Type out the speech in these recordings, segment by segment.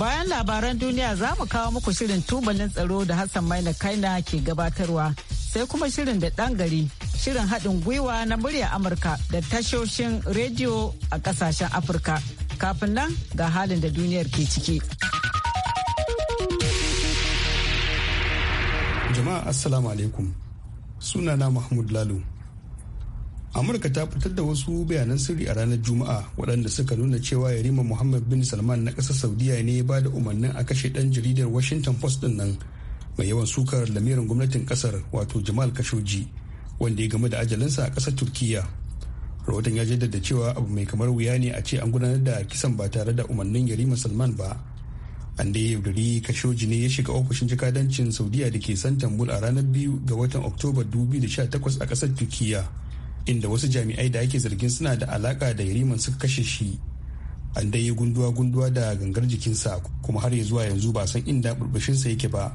Bayan labaran duniya za mu kawo muku shirin tubalin tsaro da Hassan Maina Kaina ke gabatarwa sai kuma shirin da ɗan gari shirin haɗin gwiwa na murya Amurka da tashoshin rediyo a ƙasashen Afirka. Kafin nan ga halin da duniyar ke ciki. Jama'a Assalamu alaikum. Sunana Mahmud lalu amurka ta fitar da wasu bayanan sirri a ranar juma'a waɗanda suka nuna cewa yarima muhammad bin salman na ƙasar saudiya ne ya ba da umarnin a kashe ɗan jaridar washington post ɗin nan mai yawan sukar lamirin gwamnatin ƙasar wato jamal kashoji wanda ya game da ajalinsa a ƙasar turkiya rahoton ya jaddada cewa abu mai kamar wuya ne a ce an gudanar da kisan ba tare da umarnin yarima salman ba an da yaudari kashoji ne ya shiga ofishin jikadancin saudiya da ke santambul a ranar biyu ga watan oktoba 2018 a ƙasar turkiya inda wasu jami'ai da ake zargin suna da alaka da yariman suka kashe shi an dai yi gunduwa-gunduwa da gangar jikinsa kuma har ya zuwa yanzu ba san inda burbushinsa yake ba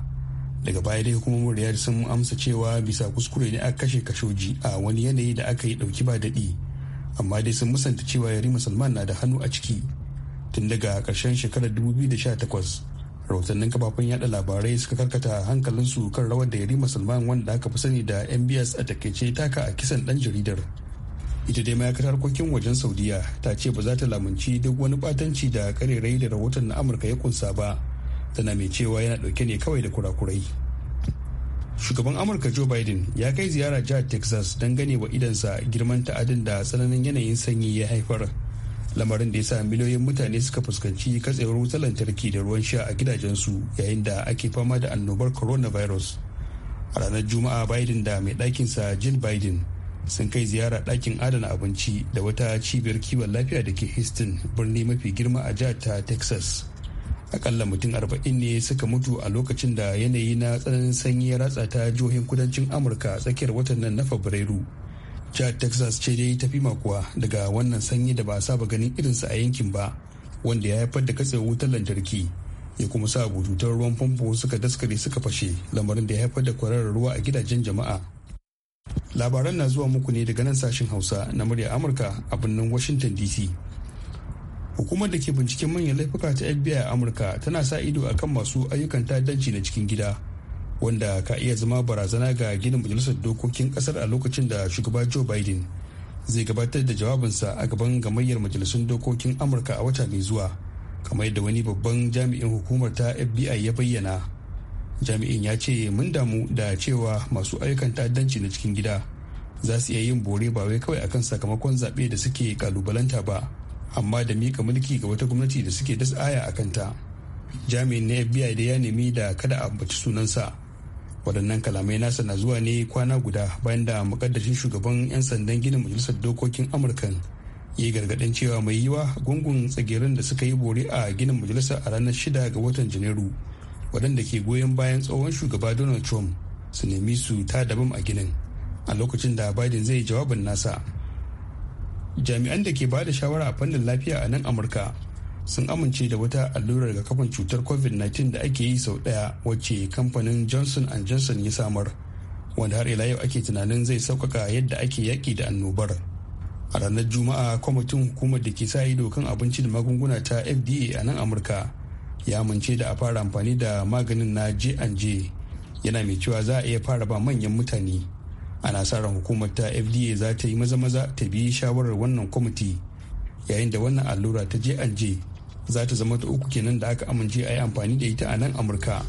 daga baya dai hukumomin riyar sun amsa cewa bisa kuskure ne aka kashe kashoji a wani yanayi da aka yi dauki ba daɗi amma dai sun musanta cewa yariman salman na da hannu a ciki tun daga karshen shekarar 2018 rahotannin kafafen yada labarai suka karkata hankalinsu kan rawar da yari musulman wanda aka fi sani da mbs a takaice taka a kisan dan jaridar ita dai ma'aikatar harkokin wajen saudiya ta ce ba za ta lamunci duk wani batanci da karerai da rahoton na amurka ya kunsa ba tana mai cewa yana dauke ne kawai da kurakurai shugaban amurka joe biden ya kai ziyara jihar texas don gane wa idansa girman ta'adin da tsananin yanayin sanyi ya haifar lamarin da ya sa miliyoyin mutane suka fuskanci katsewar wutar lantarki da ruwan sha a gidajensu yayin da ake fama da annobar coronavirus a ranar juma'a biden da mai ɗakinsa jill biden sun kai ziyara ɗakin adana abinci da wata cibiyar kiwon lafiya da ke houston birni mafi girma a jihar ta texas akalla mutum arba'in ne suka mutu a lokacin da yanayi na tsananin sanyi ya ratsa ta jihohin kudancin amurka tsakiyar watan nan na fabrairu jihar texas ce dai tafi makuwa daga wannan sanyi da ba a saba ganin irinsa a yankin ba wanda ya haifar da katse wutar lantarki ya kuma sa bututun ruwan famfo suka daskare suka fashe lamarin da ya haifar da kwararar ruwa a gidajen jama'a labaran na zuwa muku ne daga nan sashen hausa na murya amurka a birnin washington dc hukumar da ke binciken manyan laifuka ta fbi a amurka tana sa ido akan masu ayyukan ta'addanci na cikin gida wanda ka iya zama barazana ga ginin majalisar dokokin kasar a lokacin da shugaba joe biden zai gabatar da jawabinsa a gaban gamayyar majalisun dokokin amurka a wata mai zuwa kamar yadda wani babban jami'in hukumar ta fbi ya bayyana jami'in ya ce mun damu da cewa masu ayyukan ta'addanci na cikin gida za su iya yin bore ba wai kawai akan sakamakon zaɓe da suke kalubalanta ba amma da mika mulki ga wata gwamnati da suke dasa aya a kanta jami'in na fbi da ya nemi da kada a ambaci sunansa waɗannan kalamai nasa na zuwa ne kwana guda bayan da makaddashin shugaban 'yan sandan ginin majalisar dokokin amurkan yi gargaɗin cewa mai yiwa gungun tsagerin da suka yi bori a ginin majalisar a ranar shida ga watan janairu waɗanda ke goyon bayan tsohon shugaba donald trump su nemi su ta dabam a ginin a lokacin da biden zai yi jawabin nasa jami'an da ke ba da shawara a fannin lafiya a nan amurka sun amince da wata allurar rigakafin cutar covid-19 da ake yi sau daya wacce kamfanin johnson johnson ya samar wanda har ila yau ake tunanin zai sauƙaƙa yadda ake yaƙi da annobar a ranar juma'a kwamitin hukumar da ke sa ido kan abinci da magunguna ta fda a nan amurka ya amince da a fara amfani da maganin na j&j yana mai cewa za a iya fara ba manyan mutane ana sa ran hukumar ta fda za ta yi maza-maza ta bi shawarar wannan kwamiti yayin da wannan allura ta j&j za ta zama ta uku kenan da aka amince a yi amfani da ita a nan amurka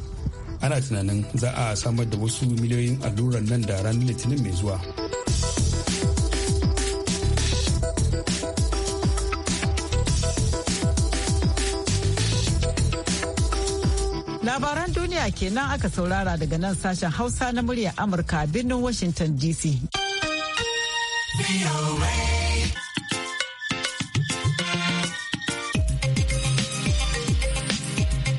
ana tunanin za a samar da wasu miliyoyin allurar nan da ranar litinin mai zuwa labaran duniya kenan aka saurara daga nan sashen hausa na murya amurka birnin washington dc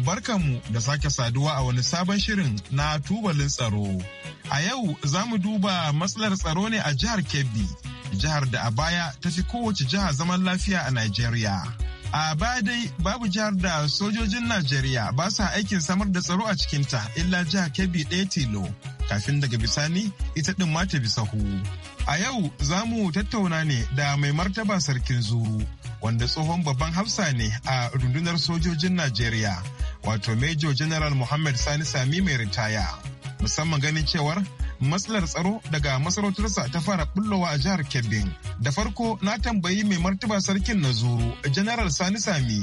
barkanmu da sake saduwa a wani sabon shirin na tubalin tsaro. A yau za mu duba matsalar tsaro ne a jihar Kebbi, jihar da a baya ta fi kowace jiha zaman lafiya a Najeriya. A baya dai babu jihar da sojojin Najeriya ba sa aikin samar da tsaro a cikinta illa jihar Kebbi ɗaya tilo, kafin daga bisani ita ɗin ma ta bisahu. A yau za mu tattauna ne da mai martaba sarkin zuru, wanda tsohon babban hafsa ne a rundunar sojojin Najeriya. wato Major General Muhammad Sani Sami mai ritaya. Musamman ganin cewar matsalar tsaro daga masarautarsa ta fara bullowa a jihar kebbin Da farko na tambayi mai martaba sarkin na zuru General Sani Sami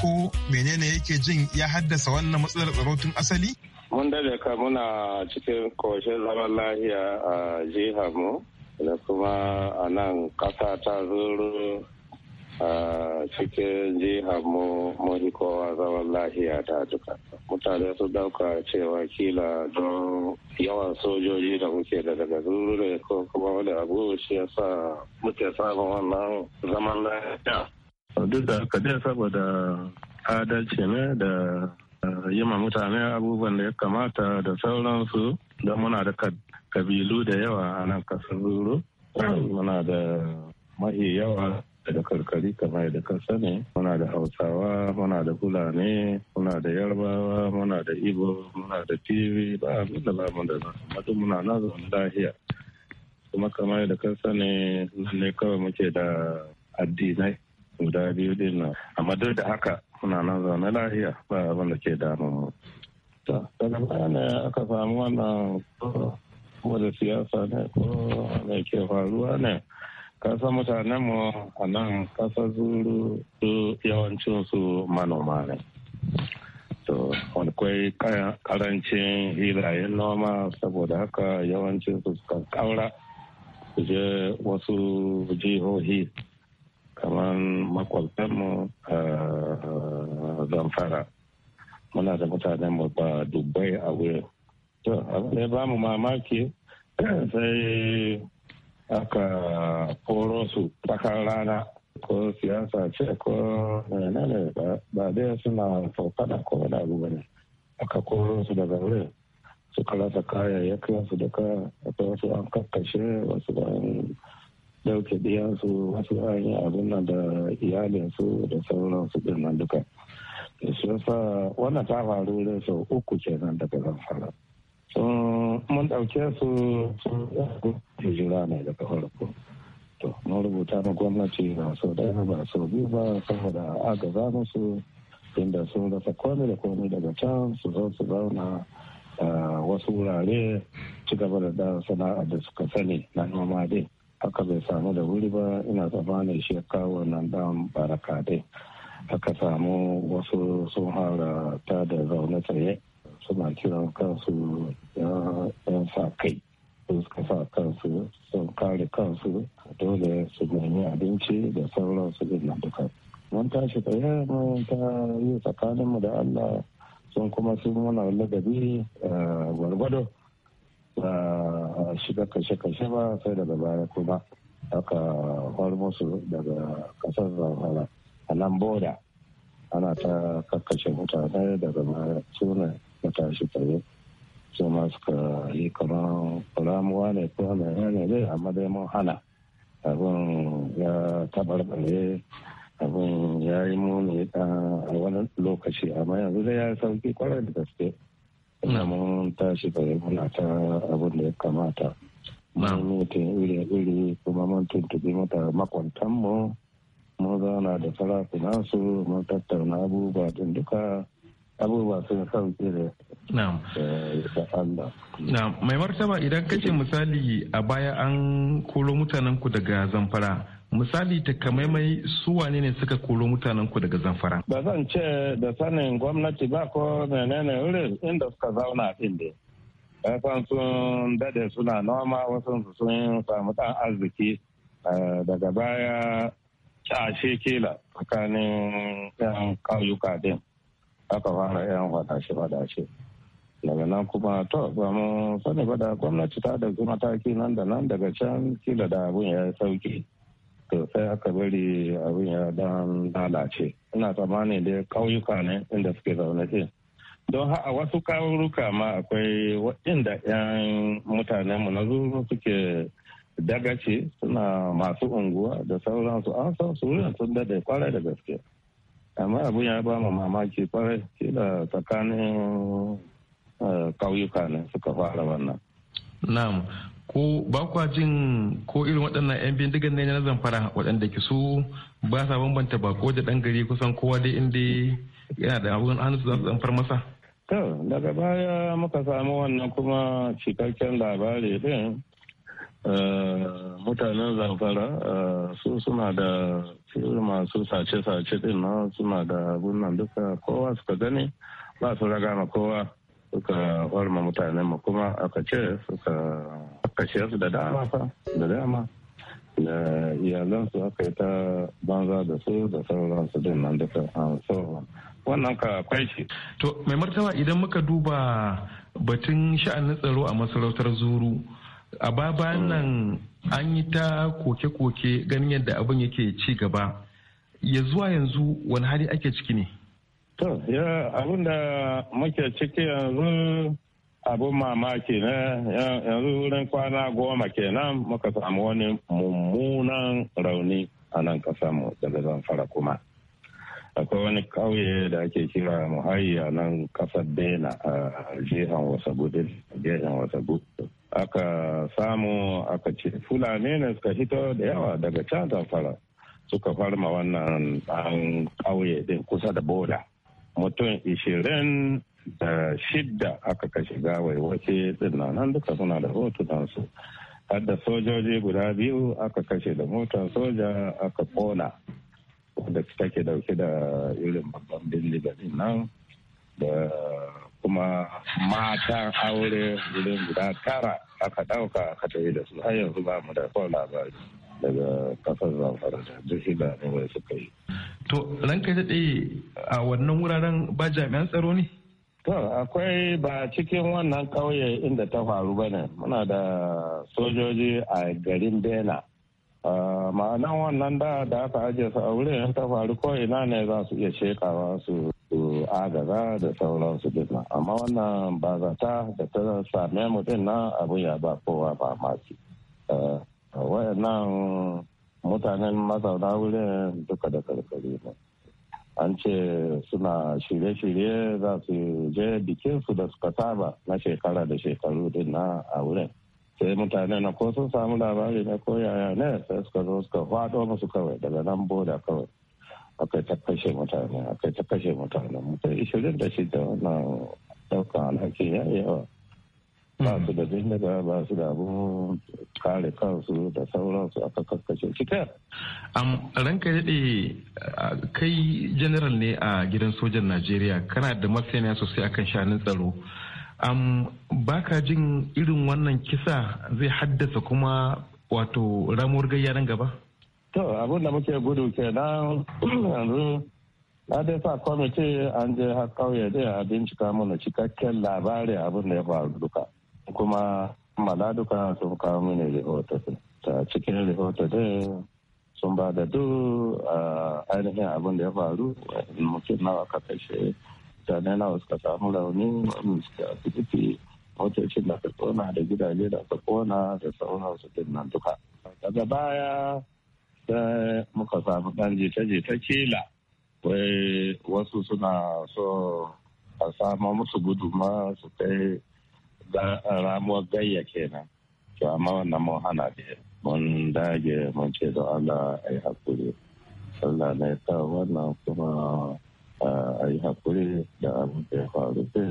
ko menene yake jin ya haddasa wannan matsalar tsaro tun asali? Mun da ka muna cikin koshin zaman lahiya a jihar mu da kuma a nan kasa ta zuru a cikin jihar mu mun kowa zaman lahiya ta duka mutane su dauka cewa kila don yawan sojoji da muke da daga zurure ko kuma wani abu shi ya sa muke samun wannan zaman lahiya duk da haka saboda adalci ne da eh, yi ma mutane abubuwan da ya kamata da sauransu don muna da kabilu da yawa a nan kasar zuru muna da mahi yawa daga karkari kamar yadda kan sani muna da hausawa muna da fulani muna da yarbawa muna da igbo muna da tv ba abin da ba mu da nan muna na zaune lahiya kuma kamar yadda kan sani ne kawai muke da addinai guda biyu din nan amma duk da haka muna na zaune lahiya ba abin da ke damun mu daga baya ne aka samu wannan ko siyasa ne ko ne ke faruwa ne kasan mutanen mu a nan kasar zuru su yawancin su manoma ne to akwai karancin hirayen noma saboda haka yawancin su suka kaura su je wasu jihohi kamar makwabtanmu a zamfara muna da mutanen mu ba dubbai a wurin to abin da ya ba mu mamaki sai aka koro su tsakar rana ko siyasa ce ko ne ba dai suna faukada ko wani abu bane aka koro su daga wurin suka ya kayayyakin su duka da wasu an kakkashe wasu an dauke diyansu wasu an yi abin nan da iyalinsu da sauransu din nan duka da shi yasa wannan ta faru da sau uku kenan daga zan fara mun ɗauke su sun hijira ne daga farko to mun rubuta na gwamnati ba sau ɗaya ba sau biyu ba saboda agaza musu inda sun rasa komai da komai daga can su zo su zauna wasu wurare ci gaba da dan sana'a da suka sani na noma dai haka bai samu da wuri ba ina tsammanin shi ya kawo nan dan baraka dai aka samu wasu sun hara ta da zaune tsaye suna kiran kansu yan sa kai su suka sa kansu sun kare kansu dole su nemi abinci da sauran su gina duka mun tashi tsaye mun ta yi tsakaninmu da allah sun kuma sun muna ladabi eh, gwargwado ba shiga kashe-kashe ba sai daga baya kuma aka hor musu daga kasar zamfara a nan boda ana ta kakkashe mutane daga baya sunan ya tashi tsaye su ma suka yi kamar ramuwa ne ko ne ne amma dai mun hana abin ya tabarbare abin ya yi muni a wani lokaci amma yanzu dai ya sauki kwarar da gaske ina mun tashi tsaye muna ta abin da ya kamata mun mutu iri-iri kuma mun tuntubi mata makwantanmu mun zauna da sarakunan mun tattauna abubuwa din duka abubuwa sun sauke da na mai martaba idan kace misali a baya an koro mutanen daga zamfara misali takamaimai su wane ne suka koro mutanen daga zamfara ba zan ce da sanin gwamnati ba ko menene wurin inda suka zauna din da san sun dade suna noma wasu sun samu dan arziki eh, daga baya cashe kila tsakanin yan kauyuka din aka fara yan fadashe-fadashe daga nan kuma to sani ba da gwamnati ta da mataki nan da nan daga can kila da abun sauki to sai aka bari abun ya dan lalace ina tsammani da ƙauyuka ne inda suke zaune din don a wasu kawuruka ma akwai waɗanda 'yan mutanenmu na zuru suke dagace suna masu unguwa da sauransu an san su sun dade kwarai da gaske amma abin ya ba mu mamaki kwarai ke da tsakanin kauyuka eh, ne suka fara wannan na'am ko ba kwa jin ko irin waɗannan 'yan bindigan ne na zamfara waɗanda ki su ba sa bambanta ko da ɗan gari kusan kowa dai inda yana da abubuwan hannu za su zamfar masa to daga baya muka samu wannan kuma cikakken labari din Eh, mutanen zamfara eh, su suna da masu sace-sace din na suna da gunan duka kowa suka gani ba su raga ma kowa suka horma mutanen mu kuma aka ce suka kashe su da dama fa da dama da iyalansu aka yi ta banza da su da sauransu din nan duka ah, so wannan ka kwai shi. To mai martaba idan muka duba batun sha'anin tsaro a masarautar zuru a baba mm. nan an yi ta koke-koke ganin yadda abin yake ci gaba ya zuwa yanzu wani hali ake ciki ne to ya abin da muke ciki yanzu abin mamaki na yanzu wurin kwana goma kenan muka samu wani mummunan rauni a nan mu daga zan fara kuma akwai wani kauye da ake kira a nan kasar bena a jihar jihar wasagu aka samu aka ce fulani ne suka hito da yawa daga can fara suka farma wannan ɗan ƙauye din kusa da boda mutum ishirin da shidda aka kashe gawai wace na nan duka suna da hotunansu su. da sojoji guda biyu aka kashe da motar soja aka kona wadda take dauke da irin babban bindiga nan da kuma matan aure wurin guda tara aka ɗauka aka tafi da su har yanzu ba mu da kwan labari daga kasar zamfara da duk wai suka yi. To ranka daɗe a wannan wuraren ba jami'an tsaro ne? To akwai ba cikin wannan kauye inda ta faru ba ne muna da sojoji a garin Bena. ma'anan wannan da da aka ajiye su a wurin ta faru ko ina ne za su iya shekawa su su eh, agaza ah, da sauransu duka amma wannan bazata da ta same mutum na abu ya ba kowa ba masu eh, wayannan mutanen mazauna wurin duka da karkari ne an ce suna shirye-shirye za su je bikinsu da suka saba na shekara da shekaru din na a wurin sai mutane na ko sun samu labari na ko yaya ne sai suka zo suka fado musu kawai daga nan boda kawai Akwai ta kashe mutane akwai ta kashe mutane mutum ishirin da shida wannan ɗaukan alhaki ya yawa ba su da bindiga ba su da abun kare kansu da sauransu aka kakkashe cikin. am ranka daɗe kai general ne a gidan sojan najeriya kana da masaniya sosai akan shanun tsaro am baka jin irin wannan kisa zai haddasa kuma wato ramuwar gayya nan gaba to abin da muke gudu kenan na dai sa kwamiti an je har kauye dai a bincika mana ya faru duka kuma mala duka sun kawo mini rahoto ta cikin da ka kashe mutane nawa suka samu rauni wani suka asibiti ka baya da muka samu ɗan jita-jita kila wai wasu suna so a sama musu guduma su kai ramuwar gayya kenan to amma wannan mun hana da mun dage mun ce da Allah a yi hakuri Allah ne ta wannan kuma a yi hakuri da abin da ya faru da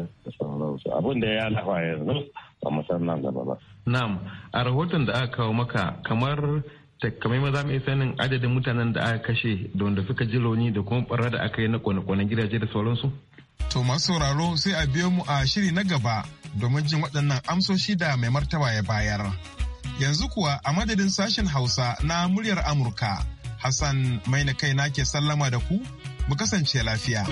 sauransu abin da ya lafa yanzu ba mu san nan gaba ba. Na'am a rahoton da aka kawo maka kamar takamai maza mai sanin adadin mutanen da aka kashe da wanda suka ji rauni da kuma barra da aka yi na kone gidaje da sauransu? To masu sauraro sai a biyo mu a shiri na gaba domin jin waɗannan amsoshi da mai martaba ya bayar. Yanzu kuwa a madadin sashen Hausa na muryar Amurka, Hassan mai na kai nake sallama da ku, mu kasance lafiya.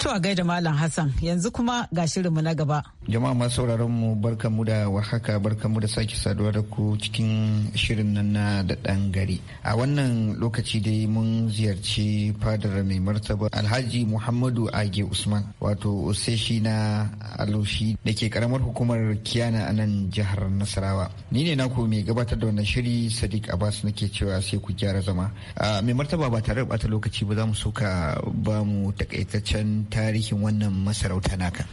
To a gaida Malam Hassan, yanzu kuma ga shirinmu na gaba. jama'a masu sauraron mu mu da warhaka mu da sake saduwa da ku cikin shirin nan na da ɗan gari a wannan lokaci dai mun ziyarci fadar mai martaba alhaji muhammadu age usman wato oseshi na alushi da ke karamar hukumar kiyana a nan jihar nasarawa ni ne naku mai gabatar da wannan shiri sadiq abbas nake cewa sai ku gyara zama mai martaba ba tare da bata lokaci ba za mu so ba mu takaitaccen tarihin wannan masarauta naka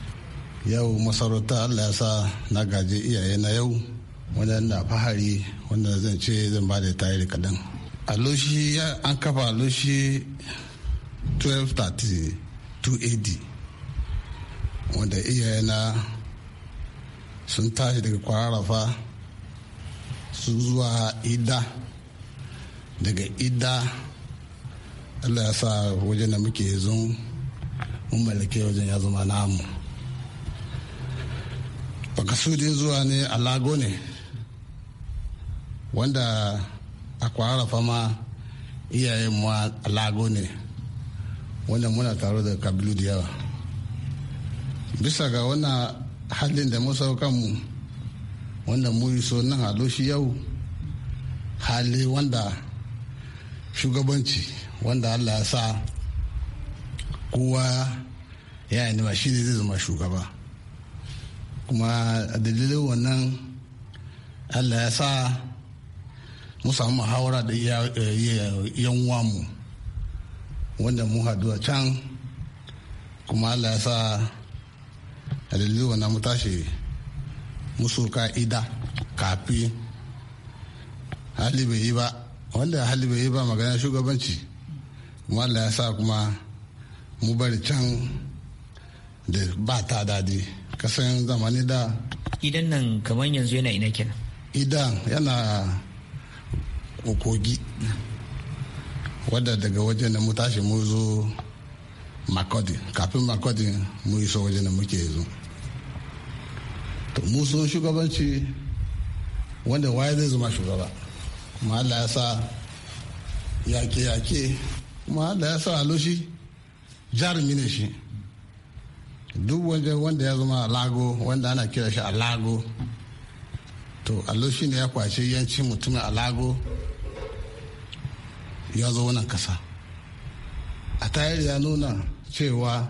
yau masarauta allah ya sa na gaji iyaye na yau wanda na fahari wanda zan ce zan ba da tayar kaɗan aloshi an kafa aloshi 1230 AD wanda iyaye na sun tashi daga kwararrafa sun zuwa ida daga ida allah ya sa wajen da muke zun mun mallake wajen ya zama namu bakasudi zuwa ne a lago ne wanda a kwararrafa ma iyayen mu a lago ne wanda muna taro da kabilu da yawa bisa ga wannan halin da musa kanmu wanda mu yi so nan halo shi yau hali wanda shugabanci wanda allah ya sa kowa ya yi shi ne zai zama shugaba kuma a dalilin wannan allah ya sa mu samu muhawara da yan mu wanda mu haɗu a can kuma allah ya sa a dalilin wannan mu tashi musu ka'ida kafi hali bai yi ba wanda hali bai yi ba magana shugabanci kuma allah ya sa kuma mu bari can da ba ta dadi ka san zamani da idan nan kamar yanzu yana ina kenan idan yana kogi wadda daga wajen da mu tashi mu zo makodi kafin makodi mu iso wajen da muke yanzu to mu sun shugabanci wanda waye zai zama shugaba kuma allah ya sa yake-yake kuma allah ya sa aloshi jarumi ne shi duk waje wanda ya zama lago wanda ana kira shi alago to allo shi ne ya kwace yanci mutumin alago ya zo wannan kasa a tayar ya nuna cewa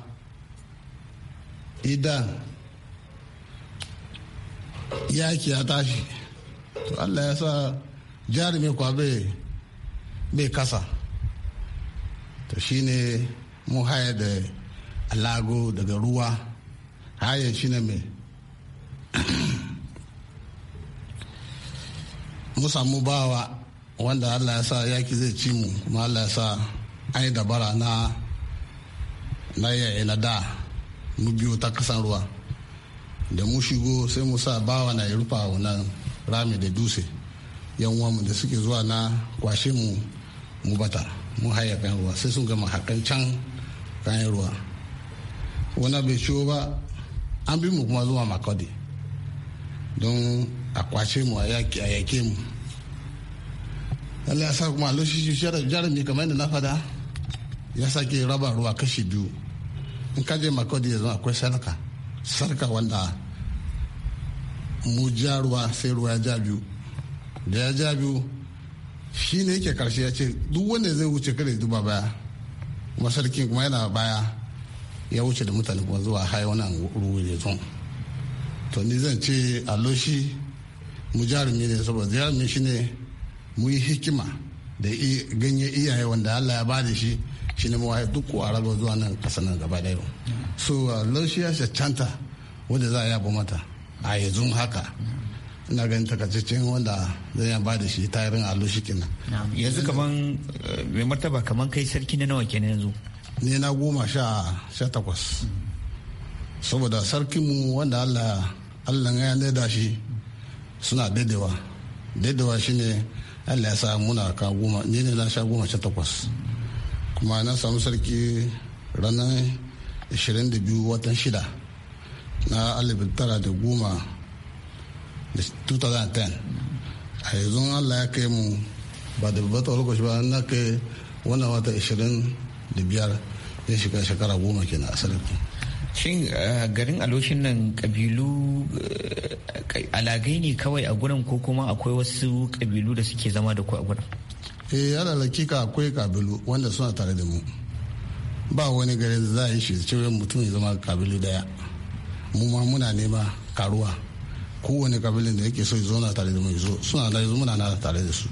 idan yaki ya tashi to allah ya sa jarumi kwa bai kasa to shine mu haya da lago daga ruwa haya shi na mai mu samu bawa wanda allah ya sa yaki zai ci mu kuma allah ya sa an yi dabara na na yaya na da mu biyo ta kasan ruwa da mu shigo sai mu sa bawa na ya rufa wannan rami da dutse yan mu da suke zuwa na kwashe mu mu bata mu haya kan ruwa sai sun gama hakan can kayan ruwa wani bai ciwo ba an bi mu kuma zuwa makodi don a kwashe mu a yake mu Allah ya sa kuma jari jarumi kamar yadda na fada ya ke raba ruwa kashi biyu in ka je makodi yanzu akwai sarka sarka wanda mu ja ruwa sai ruwa ya ja biyu da ya ja biyu shi ne yake karshe ya ce duk wanda zai wuce kada duba baya kuma sarkin kuma yana baya ya wuce da mutane kuma zuwa haya wani zon to ni zan ce aloshi mu jarumi ne saboda jarumi shi ne mu yi hikima da ganye iyaye wanda allah ya ba da shi shi ne mawaye duk kuwa raba zuwa nan kasa nan gaba da yau so aloshi ya shacanta wanda za a yabo mata a yanzu haka ina ganin takaitaccen wanda zan ya da shi tayarin aloshi kenan yanzu kaman eh, mai martaba kaman kai sarki na nawa kenan yanzu ne na goma sha takwas saboda sarkinmu wanda allah allah ya daida shi suna daidawa daidawa ne allah ya sa muna ka goma ne ne na sha goma sha takwas kuma na samu sarki ranar 22 watan shida na alifin tara da goma da 2010 a yanzu allah ya kai mu ba da babbar lokaci ba na kai wannan wata da biyar zai shiga shekara goma kenan a sarrafa shin garin aloshin nan kabilu eh, alagai ne kawai a gurin ko kuma akwai wasu kabilu da suke zama da ku a gurin eh yana lakika akwai kabilu wanda suna tare da mu ba wani gari da za a yi shi cewa mutum ya zama kabilu daya mu ma muna nema karuwa kowane kabilin da yake so ya zauna tare da mu suna da yanzu muna na tare da su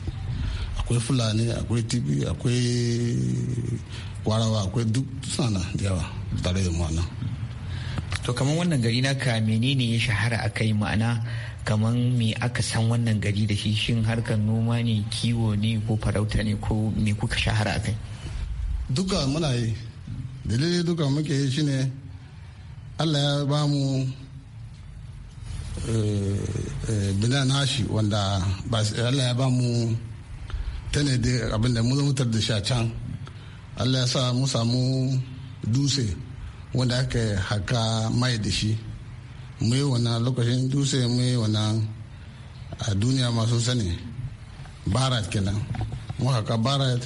akwai fulani akwai tibi akwai warawa akwai duk sana da yawa tare da mana. to kamar wannan gari na ka menene ya shahara a kai ma'ana kamar me aka san wannan gari da shi shin harkar noma ne kiwo ne ko farauta ne ko me kuka shahara a kai. duka muna yi dalilin duka muke yi shine allah ya ba mu eh, eh, bina nashi wanda allah ya ba mu ta ne dai abinda mu mutar da sha can allah ya sa mu samu dutse wanda aka haka mai da shi mu yi wannan lokacin dutse mu yi wannan a duniya masu sani barat kenan mu haka barat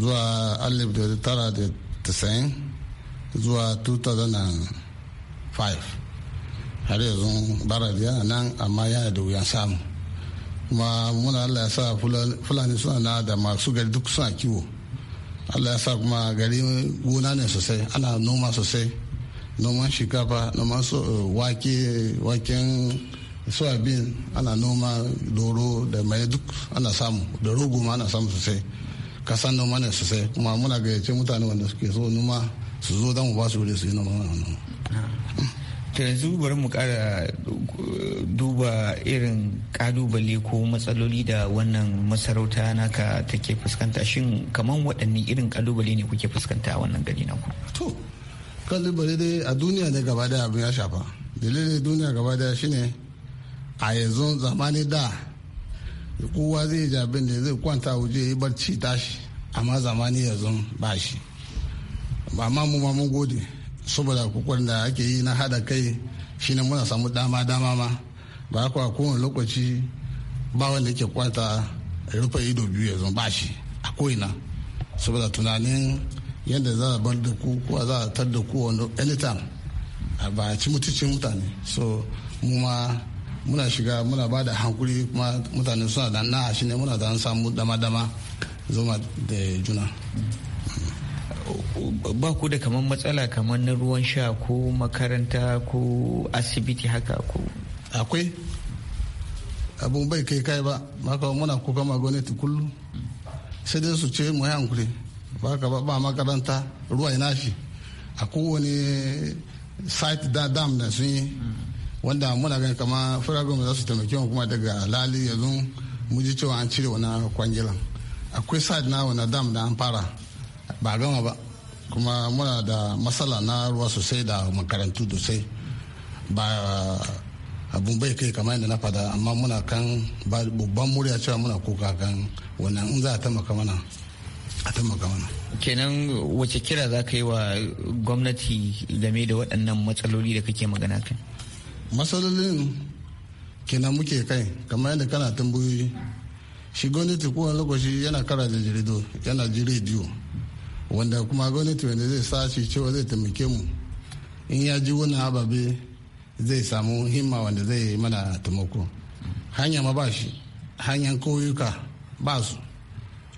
zuwa alif da tara da tasa'in zuwa 2005 har yanzu barat yana nan amma yana da wuyan samu ma muna allah ya sa fulani suna na da masu gari duk suna kiwo allah ya sa kuma gari gona ne sosai ana noma sosai noman shinkafa noman wake waken soyabin ana noma doro da mai duk ana samu da rogo ma ana samu sosai kasan noma ne sosai kuma muna gayyace mutane wanda suke so noma su zo don ba su wuri su yi noma to yanzu bari mu kara duba irin kalubale ko matsaloli da wannan masarauta naka take fuskanta shin kamar waɗanne irin kalubale ne kuke fuskanta a wannan gari naku to kalubale dai a duniya ne gaba da abin ya shafa dalilin duniya gaba da shine a yanzu zamani da kowa zai ji abin da zai kwanta waje yi barci tashi amma zamani yanzu ba shi amma mu ma mun gode saboda kukwar da ake yi na hada kai shi ne muna samu dama dama ma ba kuwa kowane lokaci ba wanda yake kwata rufe ido biyu ya ba shi a ko'ina saboda tunanin yadda za a bar da ku ko za a tar da ku wani anytime ba ci mutuncin mutane so mu ma muna shiga muna ba da hankuri kuma mutane suna da na shi ne muna da samu dama dama zama da juna ba ku da kamar matsala kamar na ruwan sha ko makaranta ko asibiti haka ko akwai abun bai kai kai ba maka muna kuka ma gwamnati kullum sai dai su ce mu hankuri ba ka ba makaranta ruwa ina shi a kowane site da dam da sun yi wanda muna ganin kama firagun za su taimake mu kuma daga lali yanzu mu ji cewa an cire wani kwangilan akwai site na wani dam da an fara ba gama ba kuma muna da matsala na ruwa sosai da makarantu sosai ba abun bai kai kamar yadda na fada amma muna kan babban murya cewa muna kuka kan wannan in za a taimaka mana a taimaka mana kenan wace kira za ka yi wa gwamnati game da waɗannan matsaloli da kake magana kan matsalolin kenan muke kai kamar yadda kana tambayoyi shi gwamnati kowane lokaci yana kara da jirido yana ji rediyo wanda kuma gwamnati wanda zai sashi cewa zai taimake mu in ya ji wani ababe zai samu himma wanda zai mana taimako hanya ma ba shi hanyar koyuka ba su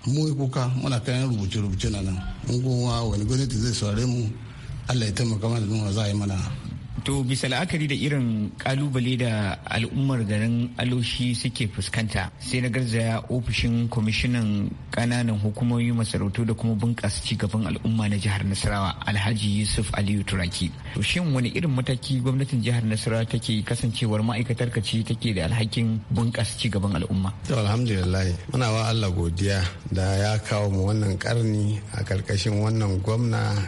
mu kuka muna kayan rubuce-rubuce na nan in wani gwamnati zai saurare mu allah ya taimaka mana da za a yi mana To bisa la'akari da irin kalubale da al'ummar garin aloshi suke fuskanta sai na garzaya ofishin kwamishinan kananan hukumomi masarautu da kuma bunƙasa cigaban al'umma na jihar Nasarawa Alhaji Yusuf Aliyu Turaki. To shin wani irin mataki gwamnatin jihar Nasarawa take kasancewar ma'aikatar kaci take da alhakin bunƙasa cigaban al'umma? To alhamdulillah muna wa Allah godiya da ya kawo mu wannan karni a karkashin wannan gwamna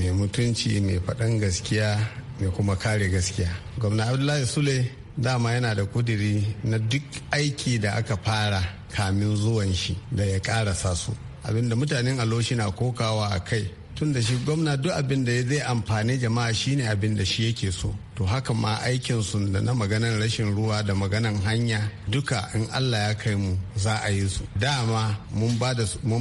mai mutunci mai faɗan gaskiya mai kuma kare gaskiya gwamna abdullahi sule dama yana da kudiri na duk aiki da aka fara kamin zuwan shi da ya karasa su abinda mutanen aloshi na kokawa a kai tun da shi gwamna duk abin da zai amfani jama'a shine abin da shi yake so to haka ma aikin su da na maganan rashin ruwa da maganan hanya duka in allah ya kai mu za a yi su dama mun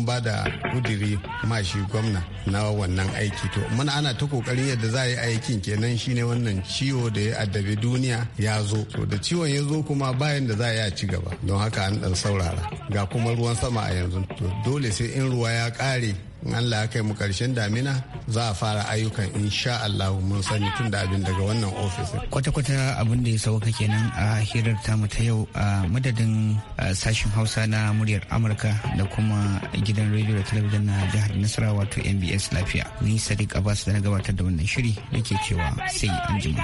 ba da kudiri ma shi gwamna na wannan aiki to mana ana ta kokarin yadda za a yi aikin kenan shine wannan ciwo da ya addabi duniya ya zo to da ciwon ya zo kuma bayan da za a yi ci gaba don haka an dan saurara ga kuma ruwan sama a yanzu to dole sai in ruwa ya kare in Allah ya kai mu karshen damina za a fara ayyukan insha Allah mun sani tun da abin daga wannan ofis. Kwata-kwata abin da ya sauka kenan a hirar tamu ta yau a madadin sashen Hausa na muryar Amurka da kuma gidan rediyo da talabijin na jihar Nasarawa wato MBS lafiya. Ni Sadiq Abbas da na gabatar da wannan shiri nake cewa sai anjima.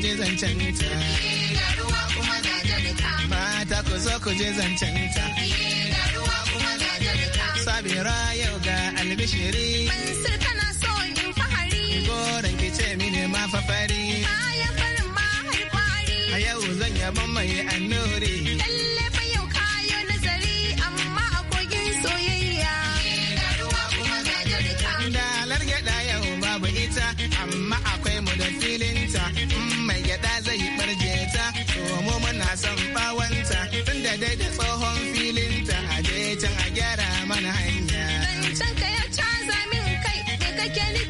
je zancen ta. Mata ku zo ku je zancen ta. Sabira yau ga albishiri. Mansur kana so in fahari. Goran ki ce mini ma fafari. Bayan farin ma har kwari. A yau zan yaba mai annabi. Quel est